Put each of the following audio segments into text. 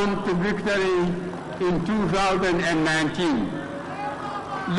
on to victory in 2019.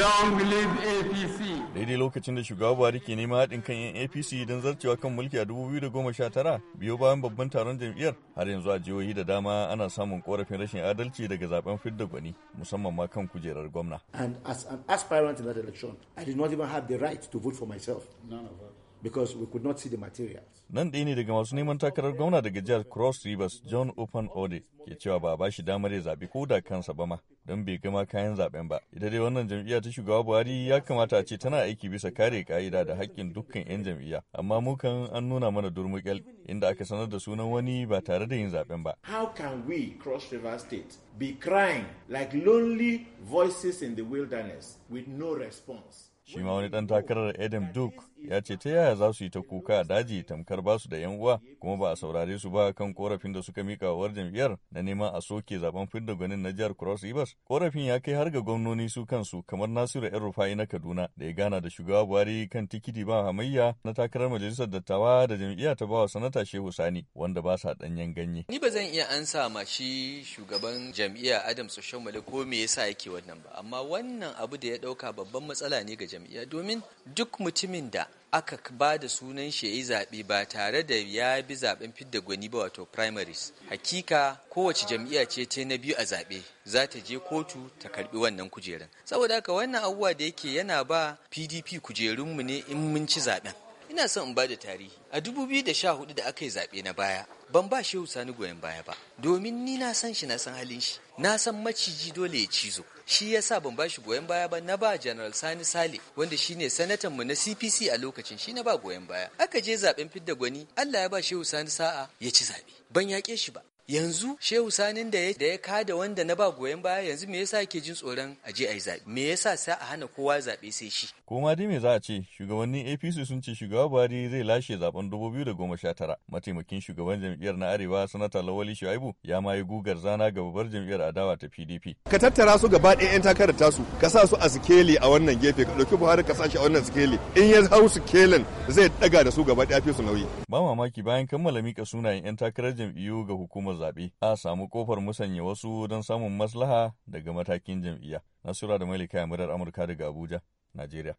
Long live APC. Daidai lokacin da shugaba Buhari ke neman haɗin kan 'yan APC don zarcewa kan mulki a 2019 biyo bayan babban taron jam'iyyar har yanzu a jihohi da dama ana samun korafin rashin adalci daga zaben fidda gwani musamman ma kan kujerar gwamna. And as an aspirant in that election, I did not even have the right to vote for myself. None of us. because we could not see the materials. Nan ɗaya ne daga masu neman takarar gwamna daga jihar Cross Rivers John Open Ode ke cewa ba a bashi damar ya zaɓi ko da kansa ba ma don bai gama kayan zaɓen ba. Ita dai wannan jam'iyya ta shugaba Buhari ya kamata a ce tana aiki bisa kare ka'ida da haƙƙin dukkan 'yan jam'iyya amma mu kan an nuna mana durmuƙel inda aka sanar da sunan wani ba tare da yin zaɓen ba. How can we Cross River State be crying like lonely voices in the wilderness with no response? shi ma wani dan takarar adam duke ya ce ta yaya za su yi ta kuka a daji tamkar ba su da yan uwa kuma ba a saurare su ba kan korafin da suka mika wa jam'iyyar na neman a soke zaben fidda gwanin na jihar cross rivers korafin ya kai har ga gwamnoni su kansu kamar nasiru yan rufai na kaduna da ya gana da shugaba buhari kan tikiti ba hamayya na takarar majalisar dattawa da jam'iyya ta bawa sanata shehu sani wanda ba sa danyen ganye ni ba zan iya ansa ma shi shugaban jam'iyya adam soshamale ko me yasa yake wannan ba amma wannan abu da ya dauka babban matsala ne ga jam'iyya domin duk mutumin da aka ba da sunan shi ya yi zaɓe ba tare da ya bi zaɓen fidda gwani ba wato primaries hakika kowace jam'iyya ce ta na biyu a zaɓe za ta je kotu ta karɓi wannan kujerun saboda haka wannan abubuwa da yake yana ba pdp kujerunmu ne in mun ci zaɓen ina son in ba da tarihi a 2014 da aka yi zaɓe na baya ban ba shehu sani goyon baya ba domin ni na san shi na san halin shi na san maciji dole ya cizo shi yasa ban ba shi goyon baya ba na ba general sani sale wanda shine sanatan mu na cpc a lokacin shi na ba goyon baya aka je zaben fidda gwani allah ya ba shehu sani sa'a ya ci zaɓe, ban yaƙe shi ba yanzu shehu sanin da ya kada wanda na ba goyon baya yanzu me yasa yake jin tsoron a je a yi zaɓe me yasa sai a hana kowa zaɓe sai shi ko ma dai me za a ce shugabannin apc sun ce shugaba buhari zai lashe zaben tara. mataimakin shugaban jam'iyyar na arewa sanata lawali shuaibu ya ma yi gugar zana ga babbar jam'iyyar adawa ta pdp ka tattara su gaba ɗaya 'yan takarar tasu ka sa su a sikeli a wannan gefe ka ɗauki buhari ka sa shi a wannan sikeli in ya hau sikelin zai ɗaga da su gaba ɗaya fi su nauyi ba mamaki bayan kammala mika sunayen 'yan takarar jam'iyyu ga hukumar hukumar zaɓe a samu kofar musanya wasu don samun maslaha daga matakin jam'iyya. Nasura da Malika Yamirar Amurka daga Abuja, Najeriya.